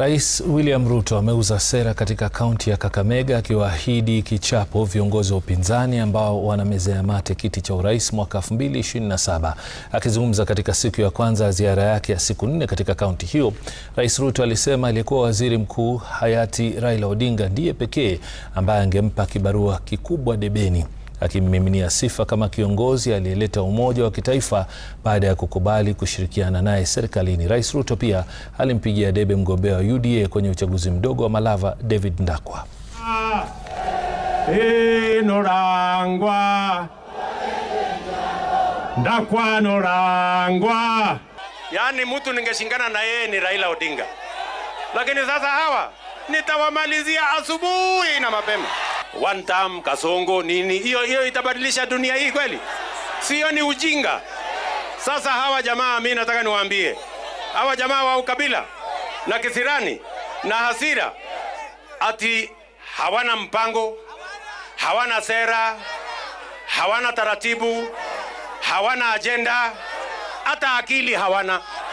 Rais William Ruto ameuza sera katika kaunti ya Kakamega akiwaahidi kichapo viongozi wa upinzani ambao wanamezea mate kiti cha urais mwaka 2027. Akizungumza katika siku ya kwanza ya ziara yake ya siku nne katika kaunti hiyo, Rais Ruto alisema aliyekuwa waziri mkuu hayati Raila Odinga ndiye pekee ambaye angempa kibarua kikubwa debeni akimmiminia sifa kama kiongozi aliyeleta umoja wa kitaifa baada ya kukubali kushirikiana naye serikalini. Rais Ruto pia alimpigia debe mgombea wa UDA kwenye uchaguzi mdogo wa Malava, David Ndakwa. Norangwa Ndakwa Norangwa, yaani mtu ningeshingana na yeye ni Raila Odinga, lakini sasa hawa nitawamalizia asubuhi na mapema one term kasongo nini, hiyo hiyo itabadilisha dunia hii kweli? Sio, ni ujinga. Sasa hawa jamaa, mimi nataka niwaambie hawa jamaa wa ukabila na kisirani na hasira, ati hawana mpango, hawana sera, hawana taratibu, hawana ajenda, hata akili hawana.